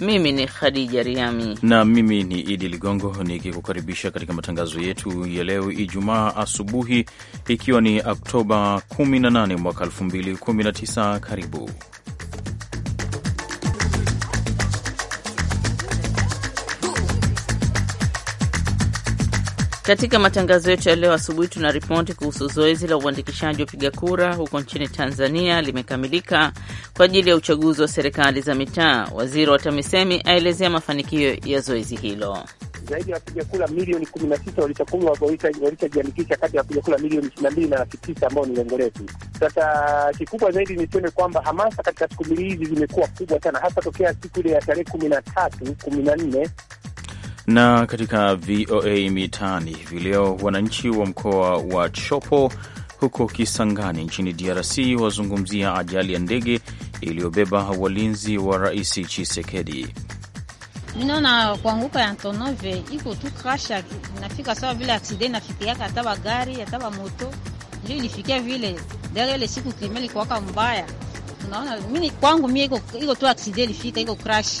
Mimi ni Khadija Riami na mimi ni Idi Ligongo nikikukaribisha katika matangazo yetu ya leo Ijumaa asubuhi, ikiwa ni Oktoba 18 mwaka 2019. Karibu Katika matangazo yetu ya leo asubuhi, tuna ripoti kuhusu zoezi la uandikishaji wa piga kura huko nchini Tanzania limekamilika kwa ajili ya uchaguzi wa serikali za mitaa. Waziri wa TAMISEMI aelezea mafanikio ya zoezi hilo. Zaidi ya wapiga kura milioni kumi na sita walitakuniwa walishajiandikisha kati ya wapiga kura milioni ishirini na mbili na laki tisa ambao ni lengo letu. Sasa kikubwa zaidi niseme kwamba hamasa katika siku mbili hizi zimekuwa kubwa sana, hasa tokea siku ile ya tarehe kumi na tatu kumi na nne na katika VOA Mitaani hivi leo, wananchi wa mkoa wa Chopo huko Kisangani nchini DRC wazungumzia ajali ya ndege iliyobeba walinzi wa Rais Chisekedi. Minaona kuanguka ya Antonove iko tu krasha nafika sawa vile aksiden nafikiaka ataba gari ataba moto ndio ilifikia vile dere siku klimeli kuwaka mbaya. Tunaona mini kwangu mie iko tu aksiden ilifika iko crash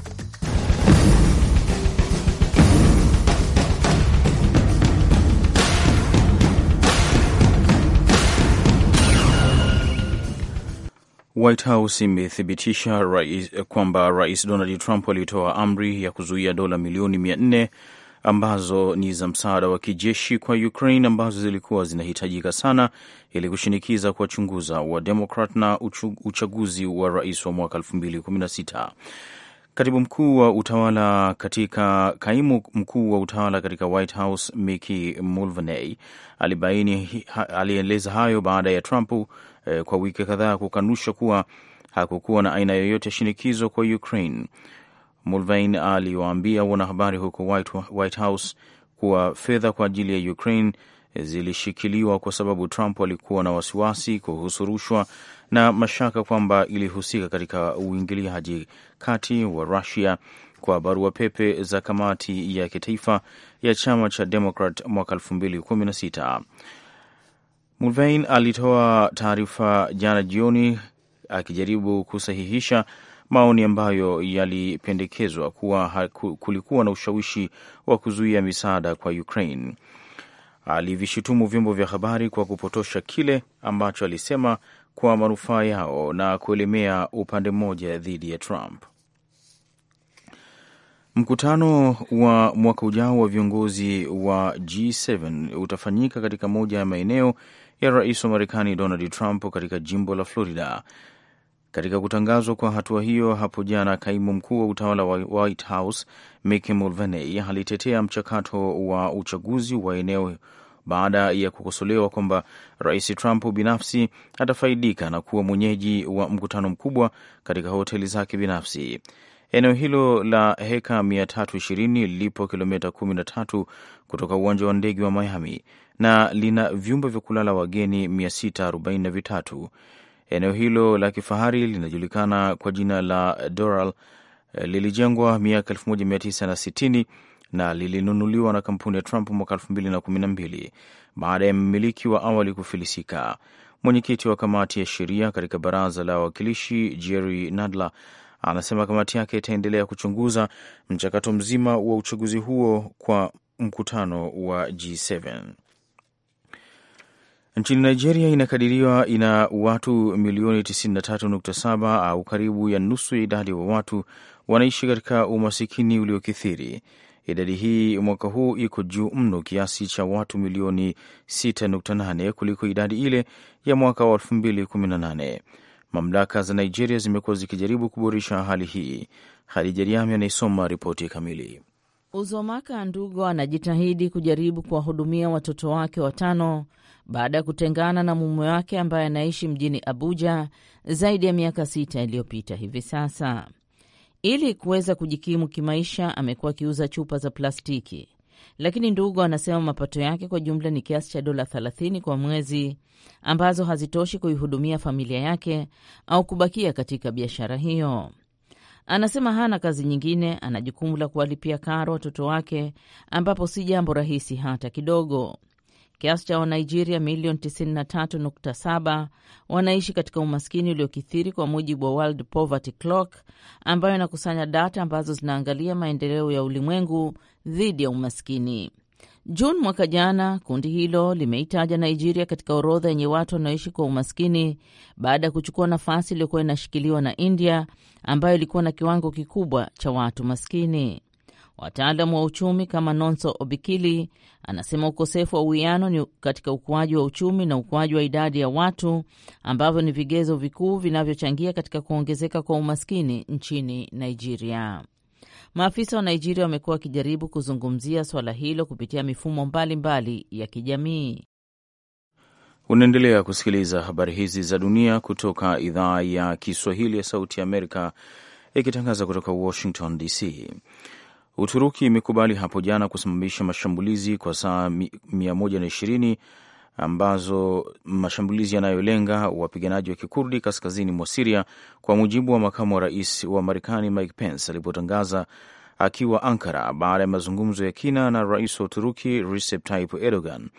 White House imethibitisha rais, kwamba rais Donald Trump alitoa amri ya kuzuia dola milioni mia nne ambazo ni za msaada wa kijeshi kwa Ukraine ambazo zilikuwa zinahitajika sana ili kushinikiza kuwachunguza wa Demokrat na uchaguzi wa rais wa mwaka 2016. Katibu mkuu wa utawala katika kaimu mkuu wa utawala katika White House Mickey Mulvaney alibaini alieleza hayo baada ya Trump e, kwa wiki kadhaa kukanusha kuwa hakukuwa na aina yoyote ya shinikizo kwa Ukraine. Mulvain aliwaambia wanahabari huko White, White House kuwa fedha kwa ajili ya Ukraine eh, zilishikiliwa kwa sababu Trump alikuwa na wasiwasi kuhusu rushwa na mashaka kwamba ilihusika katika uingiliaji kati wa Rusia kwa barua pepe za kamati ya kitaifa ya chama cha Democrat mwaka 2016. Mulvein alitoa taarifa jana jioni akijaribu kusahihisha maoni ambayo yalipendekezwa kuwa kulikuwa na ushawishi wa kuzuia misaada kwa Ukraine. Alivishutumu vyombo vya habari kwa kupotosha kile ambacho alisema kwa manufaa yao na kuelemea upande mmoja dhidi ya Trump. Mkutano wa mwaka ujao wa viongozi wa G7 utafanyika katika moja ya maeneo ya rais wa Marekani Donald Trump katika jimbo la Florida. Katika kutangazwa kwa hatua hiyo hapo jana, kaimu mkuu wa utawala wa White House Mick Mulvaney alitetea mchakato wa uchaguzi wa eneo baada ya kukosolewa kwamba rais Trump binafsi atafaidika na kuwa mwenyeji wa mkutano mkubwa katika hoteli zake binafsi. Eneo hilo la heka 320 lipo kilomita 13 kutoka uwanja wa ndege wa Miami na lina vyumba vya kulala wageni 643. Eneo hilo la kifahari linajulikana kwa jina la Doral, eh, lilijengwa miaka 1960 na lilinunuliwa na kampuni ya Trump mwaka 2012 baada ya mmiliki wa awali kufilisika. Mwenyekiti wa kamati ya sheria katika baraza la wawakilishi Jerry Nadler Anasema kamati yake itaendelea kuchunguza mchakato mzima wa uchaguzi huo kwa mkutano wa G7. Nchini Nigeria inakadiriwa ina watu milioni 93.7 au karibu ya nusu ya idadi wa watu wanaishi katika umasikini uliokithiri. Idadi hii mwaka huu iko juu mno kiasi cha watu milioni 6.8 kuliko idadi ile ya mwaka wa 2018. Mamlaka za Nigeria zimekuwa zikijaribu kuboresha hali hii. Hadija Riami anaisoma ripoti kamili. Uzomaka Ndugo anajitahidi kujaribu kuwahudumia watoto wake watano baada ya kutengana na mume wake ambaye anaishi mjini Abuja zaidi ya miaka sita iliyopita. Hivi sasa, ili kuweza kujikimu kimaisha, amekuwa akiuza chupa za plastiki lakini Ndugu anasema mapato yake kwa jumla ni kiasi cha dola 30 kwa mwezi ambazo hazitoshi kuihudumia familia yake au kubakia katika biashara hiyo. Anasema hana kazi nyingine, ana jukumu la kuwalipia karo watoto wake, ambapo si jambo rahisi hata kidogo. Kiasi cha Wanigeria milioni 93.7 wanaishi katika umaskini uliokithiri kwa mujibu wa World Poverty Clock ambayo inakusanya data ambazo zinaangalia maendeleo ya ulimwengu dhidi ya umaskini. Juni mwaka jana, kundi hilo limeitaja Nigeria katika orodha yenye watu wanaoishi kwa umaskini baada ya kuchukua nafasi iliyokuwa inashikiliwa na India ambayo ilikuwa na kiwango kikubwa cha watu maskini. Wataalamu wa uchumi kama Nonso Obikili anasema ukosefu wa uwiano ni katika ukuaji wa uchumi na ukuaji wa idadi ya watu ambavyo ni vigezo vikuu vinavyochangia katika kuongezeka kwa umaskini nchini Nigeria. Maafisa wa Nigeria wamekuwa wakijaribu kuzungumzia swala hilo kupitia mifumo mbalimbali mbali ya kijamii. Unaendelea kusikiliza habari hizi za dunia kutoka idhaa ya Kiswahili ya Sauti ya Amerika ikitangaza kutoka Washington DC. Uturuki imekubali hapo jana kusimamisha mashambulizi kwa saa 120 ambazo mashambulizi yanayolenga wapiganaji wa kikurdi kaskazini mwa Siria, kwa mujibu wa makamu wa rais wa Marekani Mike Pence alipotangaza akiwa Ankara baada ya mazungumzo ya kina na rais wa Uturuki Recep Tayyip Erdogan.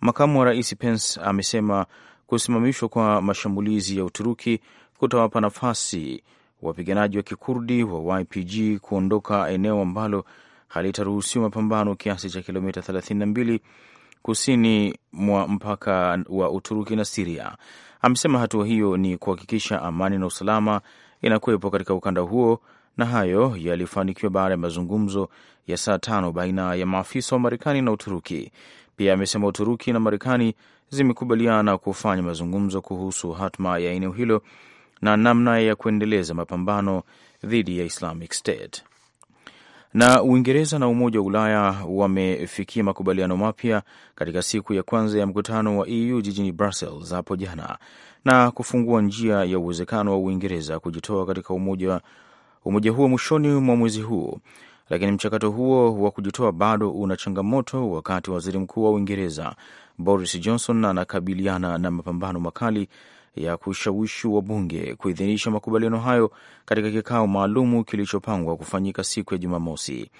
Makamu wa rais Pence amesema kusimamishwa kwa mashambulizi ya Uturuki kutawapa nafasi wapiganaji wa kikurdi wa YPG kuondoka eneo ambalo halitaruhusiwa mapambano kiasi cha kilomita 32 kusini mwa mpaka wa Uturuki na Siria. Amesema hatua hiyo ni kuhakikisha amani na usalama inakuwepo katika ukanda huo, na hayo yalifanikiwa baada ya mazungumzo ya saa tano baina ya maafisa wa Marekani na Uturuki. Pia amesema Uturuki na Marekani zimekubaliana kufanya mazungumzo kuhusu hatma ya eneo hilo na namna ya kuendeleza mapambano dhidi ya Islamic State. Na Uingereza na Umoja wa Ulaya wamefikia makubaliano mapya katika siku ya kwanza ya mkutano wa EU jijini Brussels hapo jana na kufungua njia ya uwezekano wa Uingereza kujitoa katika umoja, umoja huo mwishoni mwa mwezi huu. Lakini mchakato huo wa kujitoa bado una changamoto, wakati waziri mkuu wa Uingereza Boris Johnson anakabiliana na mapambano makali ya kushawishi wabunge kuidhinisha makubaliano hayo katika kikao maalumu kilichopangwa kufanyika siku ya Jumamosi.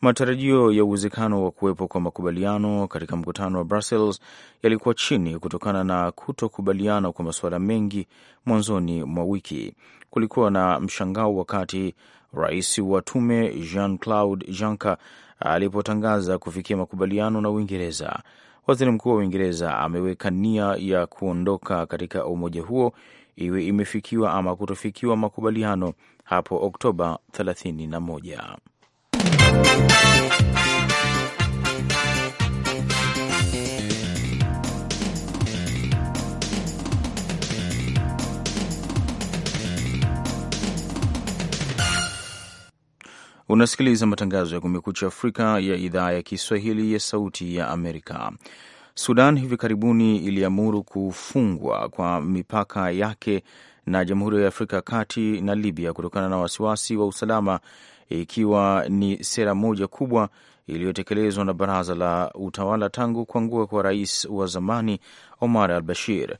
Matarajio ya uwezekano wa kuwepo kwa makubaliano katika mkutano wa Brussels yalikuwa chini kutokana na kutokubaliana kwa masuala mengi mwanzoni mwa wiki. Kulikuwa na mshangao wakati rais wa tume Jean Claude Juncker alipotangaza kufikia makubaliano na Uingereza waziri mkuu wa Uingereza ameweka nia ya kuondoka katika umoja huo iwe imefikiwa ama kutofikiwa makubaliano hapo Oktoba 31. Unasikiliza matangazo ya Kumekucha Afrika ya idhaa ya Kiswahili ya Sauti ya Amerika. Sudan hivi karibuni iliamuru kufungwa kwa mipaka yake na Jamhuri ya Afrika ya Kati na Libya kutokana na wasiwasi wa usalama, ikiwa ni sera moja kubwa iliyotekelezwa na baraza la utawala tangu kuangua kwa rais wa zamani Omar al Bashir.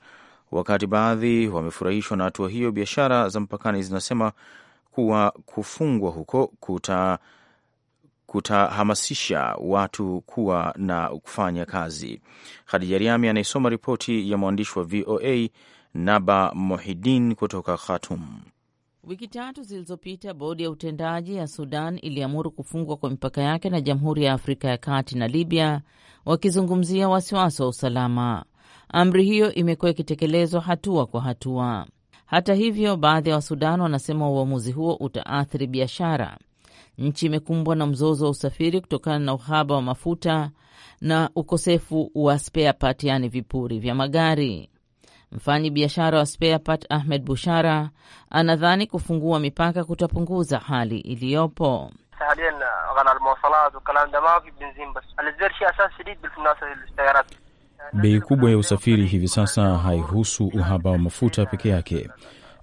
Wakati baadhi wamefurahishwa na hatua hiyo, biashara za mpakani zinasema kuwa kufungwa huko kuta kutahamasisha watu kuwa na kufanya kazi. Khadija Riami anayesoma ripoti ya mwandishi wa VOA Naba Mohidin kutoka Khatum. Wiki tatu zilizopita, bodi ya utendaji ya Sudan iliamuru kufungwa kwa mipaka yake na Jamhuri ya Afrika ya Kati na Libya, wakizungumzia wasiwasi wa usalama. Amri hiyo imekuwa ikitekelezwa hatua kwa hatua. Hata hivyo, baadhi ya wa Wasudan wanasema uamuzi huo utaathiri biashara. Nchi imekumbwa na mzozo wa usafiri kutokana na uhaba wa mafuta na ukosefu wa spare part, vipuri vya magari. Mfanyi biashara wa spare part Ahmed Bushara anadhani kufungua mipaka kutapunguza hali iliyopo. Bei kubwa ya usafiri hivi sasa haihusu uhaba wa mafuta peke yake.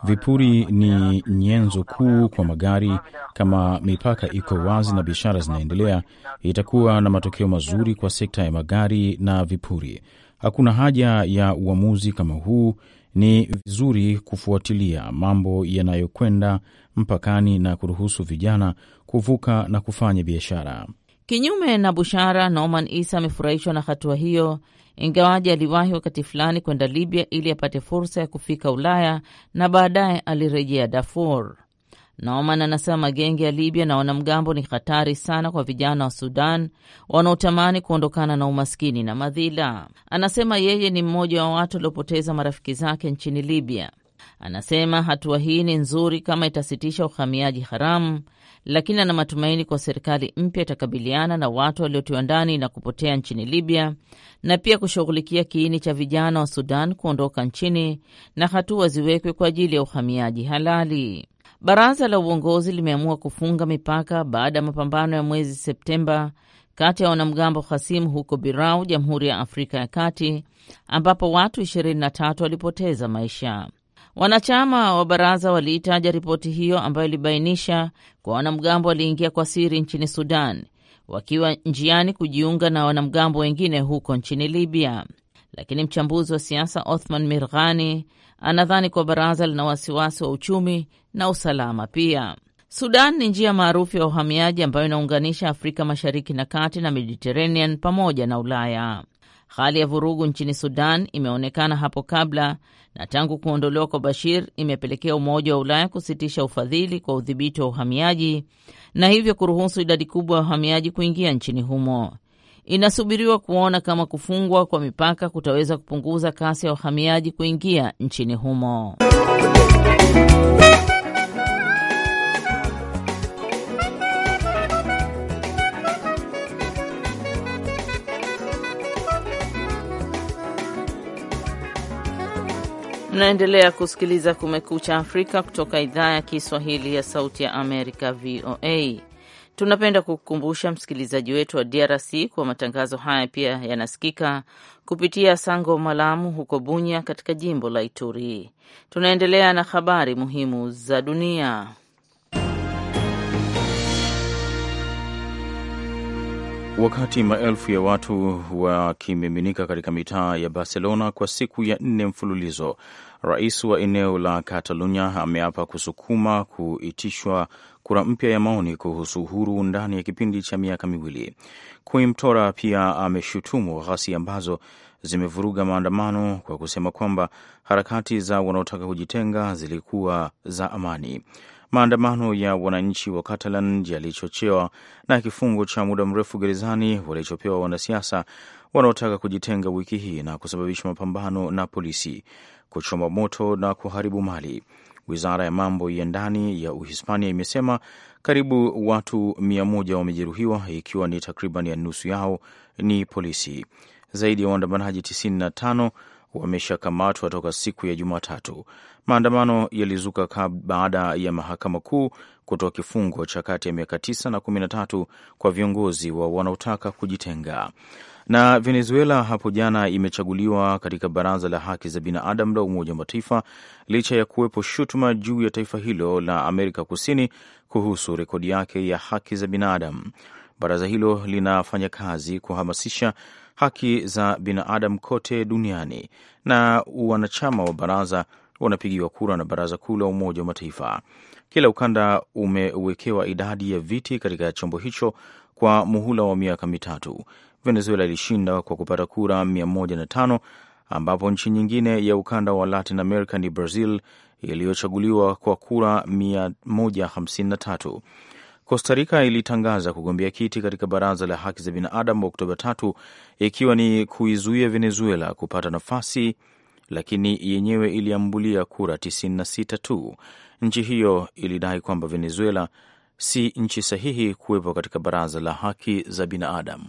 Vipuri ni nyenzo kuu kwa magari. Kama mipaka iko wazi na biashara zinaendelea, itakuwa na matokeo mazuri kwa sekta ya magari na vipuri. Hakuna haja ya uamuzi kama huu. Ni vizuri kufuatilia mambo yanayokwenda mpakani na kuruhusu vijana kuvuka na kufanya biashara. Kinyume na Bushara, Norman Isa amefurahishwa na hatua hiyo, ingawaji aliwahi wakati fulani kwenda Libya ili apate fursa ya kufika Ulaya na baadaye alirejea Darfur. Norman anasema magenge ya Libya na wanamgambo ni hatari sana kwa vijana wa Sudan wanaotamani kuondokana na umaskini na madhila. Anasema yeye ni mmoja wa watu waliopoteza marafiki zake nchini Libya. Anasema hatua hii ni nzuri kama itasitisha uhamiaji haramu lakini ana matumaini kwa serikali mpya itakabiliana na watu waliotiwa ndani na kupotea nchini Libya na pia kushughulikia kiini cha vijana wa Sudan kuondoka nchini na hatua ziwekwe kwa ajili ya uhamiaji halali. Baraza la uongozi limeamua kufunga mipaka baada ya mapambano ya mwezi Septemba kati ya wanamgambo hasimu huko Birau, Jamhuri ya Afrika ya Kati, ambapo watu 23 walipoteza maisha. Wanachama wa baraza waliitaja ripoti hiyo ambayo ilibainisha kwa wanamgambo waliingia kwa siri nchini Sudan wakiwa njiani kujiunga na wanamgambo wengine huko nchini Libya. Lakini mchambuzi wa siasa Othman Mirghani anadhani kuwa baraza lina wasiwasi wa uchumi na usalama pia. Sudan ni njia maarufu ya uhamiaji ambayo inaunganisha Afrika Mashariki na Kati na Mediterranean pamoja na Ulaya. Hali ya vurugu nchini Sudan imeonekana hapo kabla na tangu kuondolewa kwa Bashir imepelekea Umoja wa Ulaya kusitisha ufadhili kwa udhibiti wa uhamiaji na hivyo kuruhusu idadi kubwa ya uhamiaji kuingia nchini humo. Inasubiriwa kuona kama kufungwa kwa mipaka kutaweza kupunguza kasi ya wahamiaji kuingia nchini humo. Mnaendelea kusikiliza Kumekucha Afrika kutoka idhaa ya Kiswahili ya Sauti ya Amerika, VOA. Tunapenda kukukumbusha msikilizaji wetu wa DRC kwa matangazo haya pia yanasikika kupitia Sango Malamu huko Bunya, katika jimbo la Ituri. Tunaendelea na habari muhimu za dunia. Wakati maelfu ya watu wakimiminika katika mitaa ya Barcelona kwa siku ya nne mfululizo, Rais wa eneo la Katalunya ameapa kusukuma kuitishwa kura mpya ya maoni kuhusu uhuru ndani ya kipindi cha miaka miwili. quimtora pia ameshutumu ghasia ambazo zimevuruga maandamano kwa kusema kwamba harakati za wanaotaka kujitenga zilikuwa za amani. Maandamano ya wananchi wa Catalan yalichochewa na kifungo cha muda mrefu gerezani walichopewa wanasiasa wanaotaka kujitenga wiki hii na kusababisha mapambano na polisi kuchoma moto na kuharibu mali. Wizara ya mambo ya ndani ya Uhispania imesema karibu watu mia moja wamejeruhiwa, ikiwa ni takriban ya nusu yao ni polisi. Zaidi ya waandamanaji 95 wameshakamatwa toka siku ya Jumatatu. Maandamano yalizuka baada ya mahakama kuu kutoa kifungo cha kati ya miaka 9 na 13 kwa viongozi wa wanaotaka kujitenga. Na Venezuela hapo jana imechaguliwa katika baraza la haki za binadamu la Umoja wa Mataifa licha ya kuwepo shutuma juu ya taifa hilo la Amerika Kusini kuhusu rekodi yake ya haki za binadamu. Baraza hilo linafanya kazi kuhamasisha haki za binadamu kote duniani na wanachama wa baraza wanapigiwa kura na Baraza Kuu la Umoja wa Mataifa. Kila ukanda umewekewa idadi ya viti katika chombo hicho kwa muhula wa miaka mitatu. Venezuela ilishinda kwa kupata kura 105 ambapo nchi nyingine ya ukanda wa Latin America ni Brazil iliyochaguliwa kwa kura 153. Costa Rica ilitangaza kugombea kiti katika Baraza la Haki za Binadamu Oktoba tatu ikiwa ni kuizuia Venezuela kupata nafasi, lakini yenyewe iliambulia kura 96 tu. Nchi hiyo ilidai kwamba Venezuela si nchi sahihi kuwepo katika Baraza la Haki za Binadamu.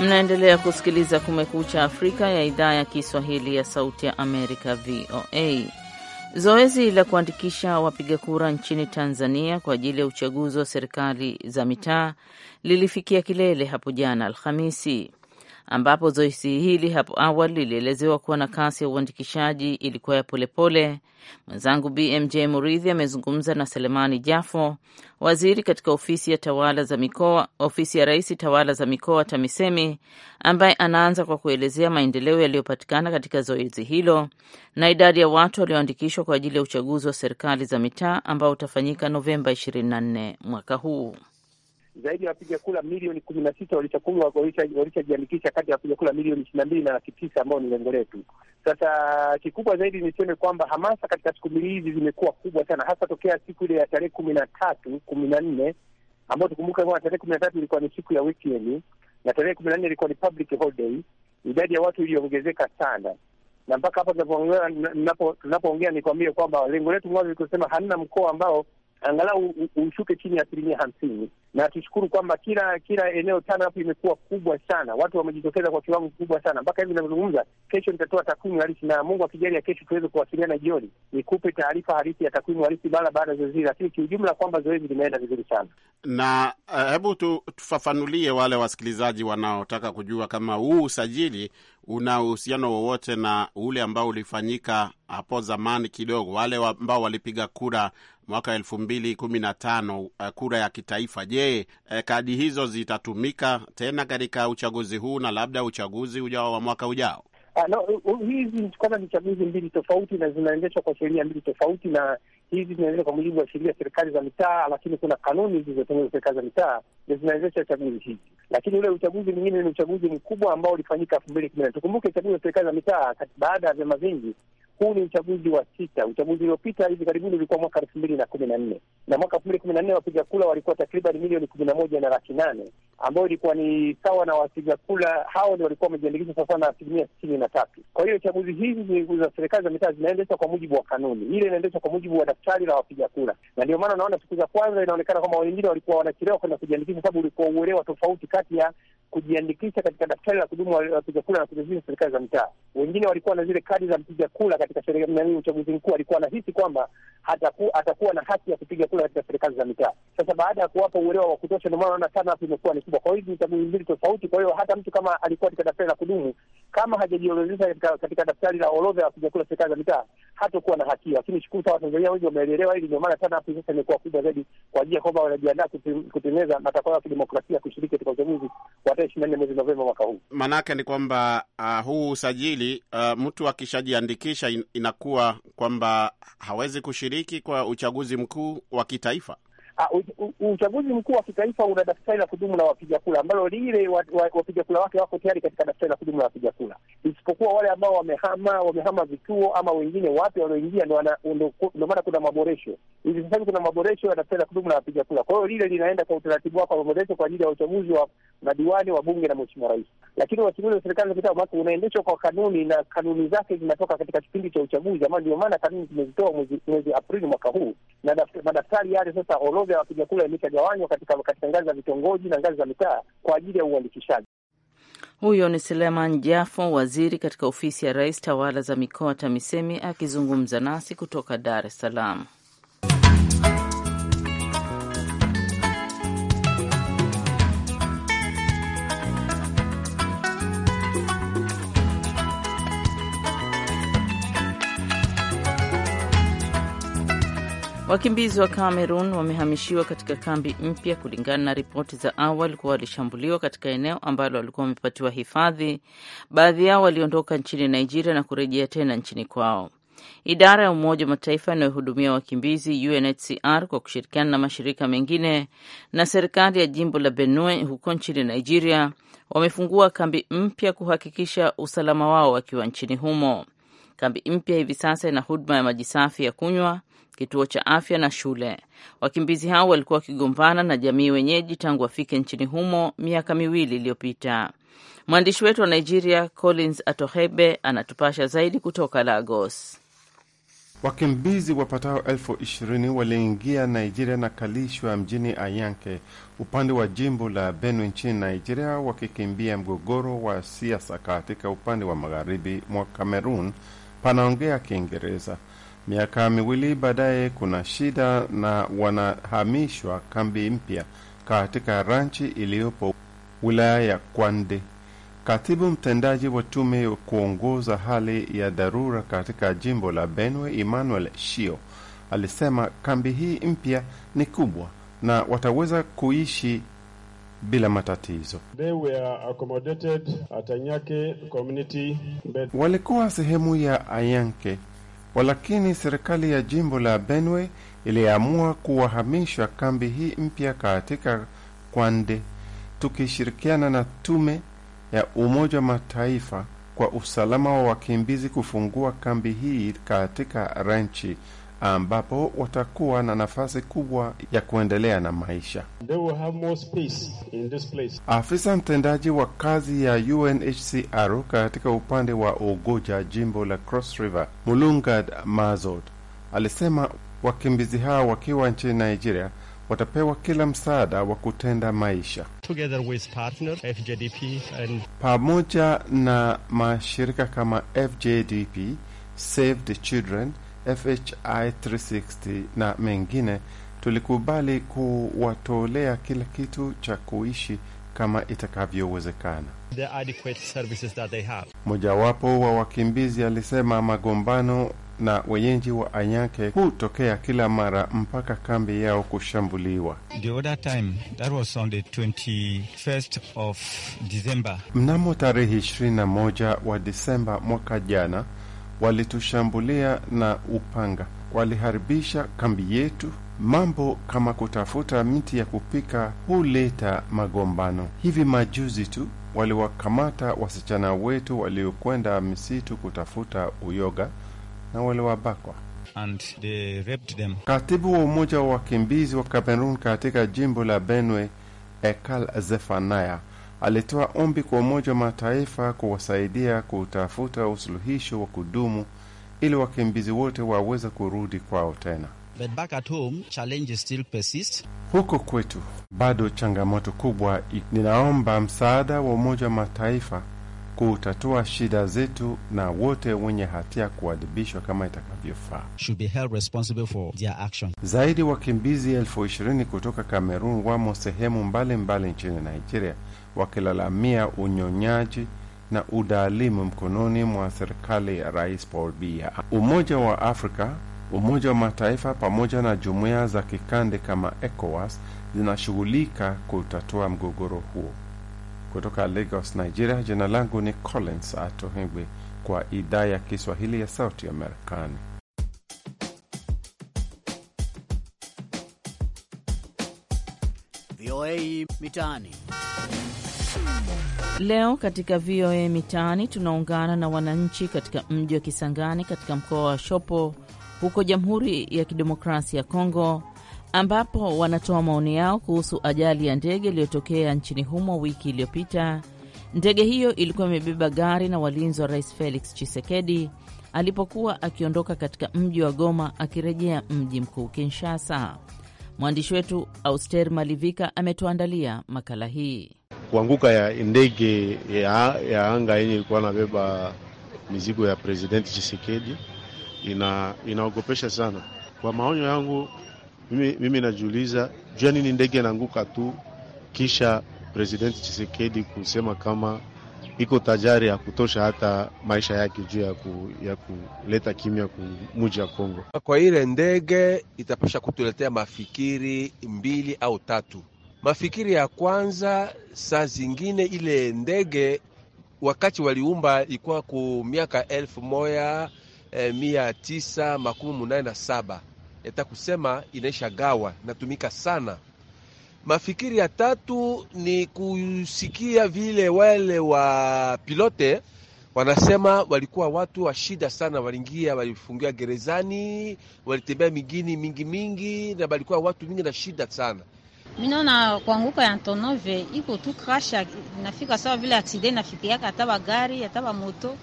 Mnaendelea kusikiliza Kumekucha Afrika ya idhaa ya Kiswahili ya Sauti ya Amerika, VOA. Zoezi la kuandikisha wapiga kura nchini Tanzania kwa ajili ya uchaguzi wa serikali za mitaa lilifikia kilele hapo jana Alhamisi ambapo zoezi hili hapo awali lilielezewa kuwa na kasi ya uandikishaji ilikuwa ya polepole. Mwenzangu BMJ Muridhi amezungumza na Selemani Jafo, waziri katika ofisi ya tawala za mikoa, ofisi ya rais tawala za mikoa TAMISEMI, ambaye anaanza kwa kuelezea maendeleo yaliyopatikana katika zoezi hilo na idadi ya watu walioandikishwa kwa ajili ya uchaguzi wa serikali za mitaa ambao utafanyika Novemba 24 mwaka huu zaidi ya wapiga kura milioni kumi na sita walishajiandikisha kati ya wapiga kura milioni ishirini na mbili na laki tisa ambao ni lengo letu. Sasa kikubwa zaidi niseme kwamba hamasa katika siku mbili hizi zimekuwa kubwa sana, hasa tokea siku ile ya tarehe kumi na tatu kumi na nne ambao tukumbuka kwamba tarehe kumi na tatu ilikuwa ni siku ya weekend na tarehe kumi na nne ilikuwa ni public holiday. Idadi ya watu iliongezeka sana na mpaka hapa tunapoongea, tunapoongea nikwambie kwamba lengo letu mwanzo likusema hamna mkoa ambao angalau ushuke chini ya asilimia hamsini, na tushukuru kwamba kila kila eneo tano hapo imekuwa kubwa sana, watu wamejitokeza kwa kiwango kikubwa sana mpaka hivi inavyozungumza. Kesho nitatoa takwimu halisi, na Mungu akijalia, kesho tuweze kuwasiliana jioni, nikupe taarifa halisi ya takwimu halisi mara baada ya zoezi hili, lakini kiujumla kwamba zoezi limeenda vizuri sana. Na uh, hebu tu, tufafanulie wale wasikilizaji wanaotaka kujua kama huu usajili una uhusiano wowote na ule ambao ulifanyika hapo zamani kidogo, wale ambao walipiga kura mwaka elfu mbili kumi na tano eh, kura ya kitaifa. Je, eh, kadi hizo zitatumika tena katika uchaguzi huu na labda uchaguzi ujao wa mwaka ujao? Ah, hizi kwanza ni chaguzi mbili tofauti na zinaendeshwa kwa sheria mbili tofauti, na hizi zinaendeshwa kwa mujibu wa sheria serikali za mitaa, lakini kuna kanuni zilizotengenezwa serikali za mitaa na zinaendesha chaguzi hizi. Lakini ule uchaguzi mwingine ni uchaguzi mkubwa ambao ulifanyika elfu mbili kumi na Tukumbuke chaguzi za serikali za mitaa baada ya vyama vingi huu ni uchaguzi wa sita. Uchaguzi uliopita hivi karibuni ulikuwa mwaka elfu mbili na kumi na nne na mwaka elfu mbili kumi na nne wapiga kura walikuwa takriban milioni kumi na moja na laki nane ambayo ilikuwa ni sawa na wapiga kura hao ndio walikuwa wamejiandikisha sasa na asilimia sitini na tatu. Kwa hiyo chaguzi hizi za serikali za mitaa zinaendeshwa kwa mujibu wa kanuni, ile inaendeshwa kwa mujibu wa daftari la wapiga kura, na ndio maana unaona siku za kwanza inaonekana kwamba wengine walikuwa wanachelewa kwenda kujiandikisha, sababu ulikuwa uelewa tofauti kati ya kujiandikisha katika daftari la kudumu wapiga kura na kujiandikisha serikali za mitaa. Wengine walikuwa na zile kadi za mpiga kura katika uchaguzi mkuu alikuwa anahisi kwamba ataku, atakuwa na haki ya kupiga kura katika serikali za mitaa. Sasa baada ya kuwapa uelewa wa kutosha, ndio maana naona imekuwa ni kubwa. Kwa hiyo ni chaguzi mbili tofauti. Kwa hiyo hata mtu kama alikuwa katika daftari la kudumu, kama hajajiorodhesha katika daftari la orodha ya kupiga kura serikali za mitaa hatakuwa na hatia, lakini shukuru sana Watanzania wengi wameelewa hili, ndio maana sana hapo sasa imekuwa kubwa zaidi kwa ajili ya kwamba wanajiandaa kutengeneza matakwa ya kidemokrasia kushiriki katika uchaguzi wa tarehe ishirini na nne mwezi Novemba mwaka huu. Maanake ni kwamba uh, huu usajili uh, mtu akishajiandikisha in, inakuwa kwamba hawezi kushiriki kwa uchaguzi mkuu wa kitaifa. Ah, uchaguzi mkuu wa kitaifa una daftari la kudumu la wapiga kura ambalo lile wapiga kura wake wako tayari katika daftari la kudumu la wapiga kura, isipokuwa wale ambao wamehama wamehama vituo ama wengine wapya walioingia, ndio maana kuna maboresho hivi sasa. Kuna maboresho ya daftari la kudumu la wapiga kura, kwa hiyo lile linaenda kwa utaratibu wake wa maboresho kwa ajili ya uchaguzi wa madiwani wa bunge na mheshimiwa rais. Lakini uchaguzi wa serikali za mitaa unaendeshwa kwa kanuni na kanuni zake zinatoka katika kipindi cha uchaguzi, ambayo ndio maana kanuni tumezitoa mwezi Aprili mwaka huu na madaftari yale sasa orodha ya wapiga kura imeshagawanywa katika, katika ngazi za vitongoji na ngazi za mitaa kwa ajili ya uandikishaji. Huyo ni Seleman Jafo, waziri katika ofisi ya Rais, tawala za mikoa, TAMISEMI, akizungumza nasi kutoka Dar es Salaam. Wakimbizi wa cameron wamehamishiwa katika kambi mpya kulingana na ripoti za awali kuwa walishambuliwa katika eneo ambalo walikuwa wamepatiwa hifadhi. Baadhi yao waliondoka nchini Nigeria na kurejea tena nchini kwao. Idara ya Umoja wa Mataifa inayohudumia wakimbizi UNHCR kwa kushirikiana na mashirika mengine na serikali ya jimbo la Benue huko nchini Nigeria wamefungua kambi mpya kuhakikisha usalama wao wakiwa nchini humo. Kambi mpya hivi sasa ina huduma ya maji safi ya kunywa, kituo cha afya na shule. Wakimbizi hao walikuwa wakigombana na jamii wenyeji tangu wafike nchini humo miaka miwili iliyopita. Mwandishi wetu wa Nigeria, Collins Atohebe, anatupasha zaidi kutoka Lagos. Wakimbizi wapatao elfu ishirini waliingia Nigeria na kalishwa mjini Ayanke, upande wa jimbo la Benue nchini Nigeria, wakikimbia mgogoro wa siasa katika upande wa magharibi mwa Kamerun panaongea Kiingereza. Miaka miwili baadaye, kuna shida na wanahamishwa kambi mpya katika ranchi iliyopo wilaya ya Kwande. Katibu mtendaji wa tume kuongoza hali ya dharura katika jimbo la Benwe, Emmanuel Shio, alisema kambi hii mpya ni kubwa na wataweza kuishi bila matatizo. They were accommodated at Anyake community walikuwa sehemu ya Ayanke, walakini serikali ya jimbo la Benue iliamua kuwahamisha kambi hii mpya katika Kwande, tukishirikiana na tume ya Umoja wa Mataifa kwa usalama wa wakimbizi kufungua kambi hii katika ranchi ambapo watakuwa na nafasi kubwa ya kuendelea na maisha. Afisa mtendaji wa kazi ya UNHCR katika upande wa ugoja jimbo la Cross River, Mulungad Mazod, alisema wakimbizi hao wakiwa nchini Nigeria watapewa kila msaada wa kutenda maisha with partner, FJDP and... pamoja na mashirika kama FJDP, Save the Children FHI 360 na mengine, tulikubali kuwatolea kila kitu cha kuishi kama itakavyowezekana. Mojawapo wa wakimbizi alisema magombano na wenyeji wa Anyake hutokea kila mara mpaka kambi yao kushambuliwa. The other time, that was on the 21st of December. Mnamo tarehe 21 wa Disemba mwaka jana walitushambulia na upanga, waliharibisha kambi yetu. Mambo kama kutafuta miti ya kupika huleta magombano. Hivi majuzi tu waliwakamata wasichana wetu waliokwenda misitu kutafuta uyoga na waliwabakwa. And they raped them. Katibu wa Umoja wa Wakimbizi wa Kamerun katika jimbo la Benwe, Ekal Zefanaya alitoa ombi kwa Umoja wa Mataifa kuwasaidia kutafuta usuluhisho wa kudumu ili wakimbizi wote waweze kurudi kwao tena. But back at home, challenges still persist. Huko kwetu bado changamoto kubwa. Ninaomba msaada wa Umoja wa Mataifa kutatua shida zetu na wote wenye hatia kuadhibishwa kama itakavyofaa. Zaidi wakimbizi elfu ishirini kutoka Kamerun wamo sehemu mbalimbali nchini Nigeria wakilalamia unyonyaji na udhalimu mkononi mwa serikali ya Rais Paul Biya. Umoja wa Afrika, Umoja wa Mataifa pamoja na jumuiya za kikande kama ECOWAS zinashughulika kutatua mgogoro huo kutoka Lagos, Nigeria. Jina langu ni Collins Atohegwe kwa idhaa ya Kiswahili ya Sauti ya Marekani. VOA Mitaani. Leo katika VOA Mitaani tunaungana na wananchi katika mji wa Kisangani katika mkoa wa Shopo huko Jamhuri ya Kidemokrasia ya Kongo ambapo wanatoa maoni yao kuhusu ajali ya ndege iliyotokea nchini humo wiki iliyopita. Ndege hiyo ilikuwa imebeba gari na walinzi wa Rais Felix Tshisekedi alipokuwa akiondoka katika mji wa Goma akirejea mji mkuu Kinshasa. Mwandishi wetu Auster Malivika ametuandalia makala hii. Kuanguka ya ndege ya, ya anga yenye ilikuwa nabeba mizigo ya Presidenti chisekedi ina, inaogopesha sana. Kwa maonyo yangu mimi, mimi najiuliza jua nini ndege inaanguka tu kisha President Chisekedi kusema kama iko tajari ya kutosha hata maisha yake juu ya, ku, ya kuleta kimya kumuji ya Kongo. Kwa ile ndege itapasha kutuletea mafikiri mbili au tatu. Mafikiri ya kwanza, saa zingine ile ndege wakati waliumba ilikuwa ku miaka elfu moja eh, mia tisa makumi munane na saba eta kusema inaisha gawa natumika sana. Mafikiri ya tatu ni kusikia vile wale wa pilote wanasema walikuwa watu wa shida sana, walingia walifungiwa gerezani, walitembea migini mingi mingi, na walikuwa watu mingi na shida sana. Minaona kuanguka ya Antonove iko tu crash nafika sawa vile accident nafikiaka hata bagari hata bamoto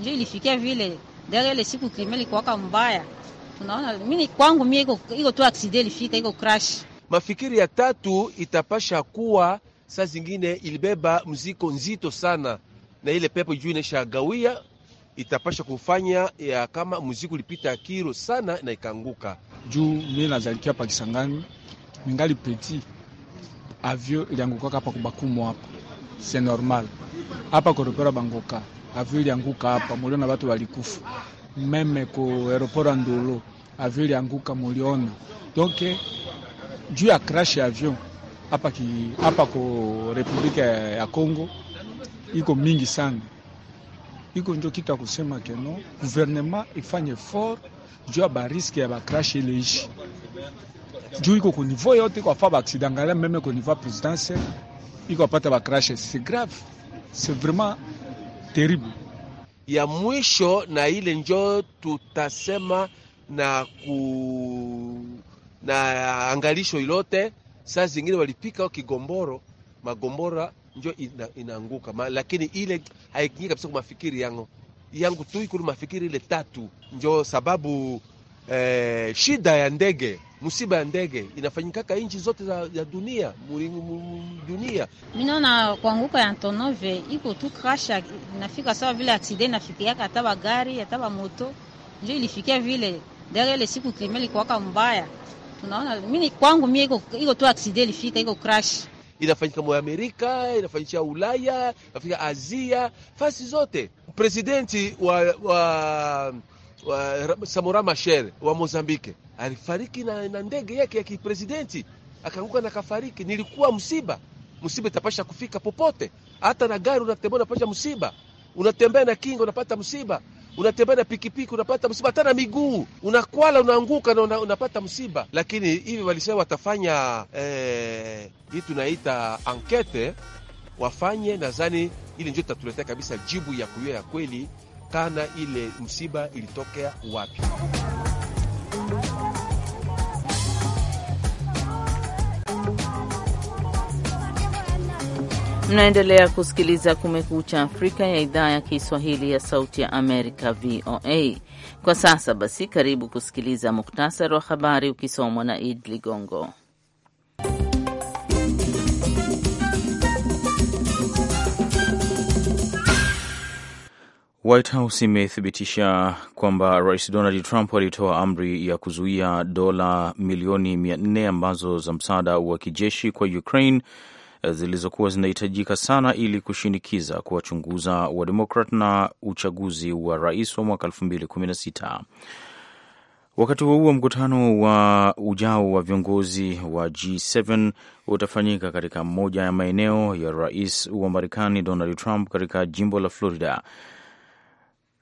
ndio ilifikia vile dere derele siku krimeli kuwaka mbaya Unaona, mimi kwangu mimi iko iko tu accident ilifika iko crash. Mafikiri ya tatu itapasha kuwa saa zingine ilibeba mziko nzito sana, na ile pepo juu inesha gawia itapasha kufanya ya kama mziko ulipita kilo sana na ikanguka juu. Mimi nazalikia pa Kisangani, ningali petit avio ilianguka hapa kubakumu hapa, c'est normal hapa koropera bangoka avio ilianguka hapa, na watu walikufa meme ku aeroport ya Ndolo avion ilianguka, muliona donc juu ya crash ya avion hapa ki hapa ku Republika ya congo iko mingi sana, iko njo kitu ya kusema keno gouvernement ifanye fort juu ya bariske ya bakrash ileishi juu iko kunivo yote kwafa baaksidangala meme kunivo ya presidentiel iko apata bakrashe, c'est grave, c'est vraiment terrible ya mwisho, na ile njo tutasema na ku na angalisho ilote. Saa zingine walipika kigomboro magombora njo ina, inaanguka ma, lakini ile haikingi kabisa kwa mafikiri yango yangu tu ikulu mafikiri ile tatu njo sababu eh, shida ya ndege msiba ya ndege inafanyikaka nchi zote za, ya dunia dunia. minaona kuanguka ya Antonove iko tu krasha inafika sawa vile aksiden inafikiaka hata bagari hata bamoto ndio ilifikia vile ndege ile siku klima ilikuwaka mbaya. Tunaona mini kwangu mie iko iko tu aksiden ilifika iko crash inafanyika mwa Amerika, inafanyika Ulaya, inafanyika Azia, fasi zote. Presidenti wa, wa wa, Samora Machel wa Mozambike alifariki na, na ndege yake ya kipresidenti akaanguka na kafariki. Nilikuwa msiba, msiba itapasha kufika popote, hata na gari unatembea unapata msiba, unatembea na kinga unapata msiba, unatembea na pikipiki unapata msiba, hata na miguu unakwala unaanguka na una, unapata msiba. Lakini hivi walisema watafanya eh, hii tunaita ankete wafanye, nadhani ili ndio tatuletea kabisa jibu ya kuyo ya kweli kupatikana ile msiba ilitokea wapi. Mnaendelea kusikiliza Kumekucha Afrika ya idhaa ya Kiswahili ya Sauti ya Amerika, VOA. Kwa sasa basi, karibu kusikiliza muktasari wa habari ukisomwa na Id Ligongo. White House imethibitisha kwamba Rais Donald Trump alitoa amri ya kuzuia dola milioni 4 ambazo za msaada wa kijeshi kwa Ukraine eh, zilizokuwa zinahitajika sana ili kushinikiza kuwachunguza Wademokrat na uchaguzi wa rais wa mwaka 216 Wakati huo huo, mkutano wa ujao wa viongozi wa G7 utafanyika katika moja ya maeneo ya rais wa Marekani Donald Trump katika jimbo la Florida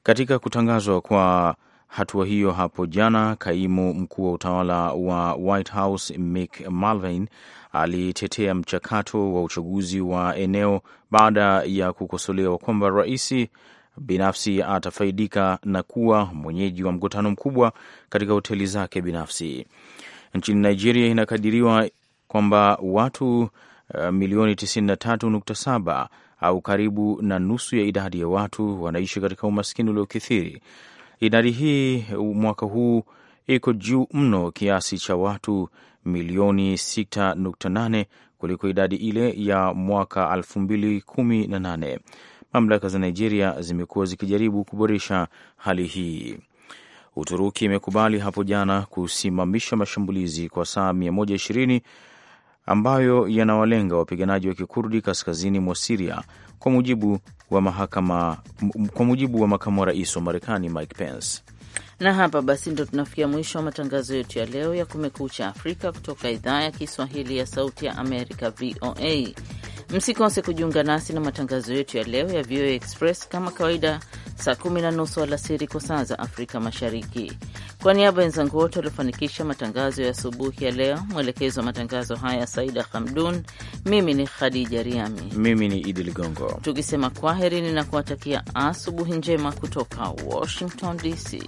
katika kutangazwa kwa hatua hiyo hapo jana, kaimu mkuu wa utawala wa White House Mick Mulvaney alitetea mchakato wa uchaguzi wa eneo baada ya kukosolewa kwamba rais binafsi atafaidika na kuwa mwenyeji wa mkutano mkubwa katika hoteli zake binafsi. Nchini Nigeria inakadiriwa kwamba watu uh, milioni 93.7 au karibu na nusu ya idadi ya watu wanaishi katika umaskini uliokithiri. Idadi hii mwaka huu iko juu mno kiasi cha watu milioni 6.8 kuliko idadi ile ya mwaka 2018. Mamlaka za Nigeria zimekuwa zikijaribu kuboresha hali hii. Uturuki imekubali hapo jana kusimamisha mashambulizi kwa saa 120 ambayo yanawalenga wapiganaji wa kikurdi kaskazini mwa Siria, kwa mujibu wa mahakama, kwa mujibu wa makamu wa rais wa Marekani Mike Pence. Na hapa basi ndo tunafikia mwisho wa matangazo yetu ya leo ya Kumekucha Afrika kutoka idhaa ya Kiswahili ya Sauti ya Amerika, VOA. Msikose kujiunga nasi na matangazo yetu ya leo ya VOA Express kama kawaida saa kumi na nusu alasiri kwa saa za Afrika Mashariki. Kwa niaba ya wenzangu wote waliofanikisha matangazo ya asubuhi ya leo, mwelekezi wa matangazo haya Saida Hamdun, mimi ni Khadija Riami, mimi ni Idi Ligongo, tukisema kwaheri ninakuwatakia asubuhi njema kutoka Washington DC.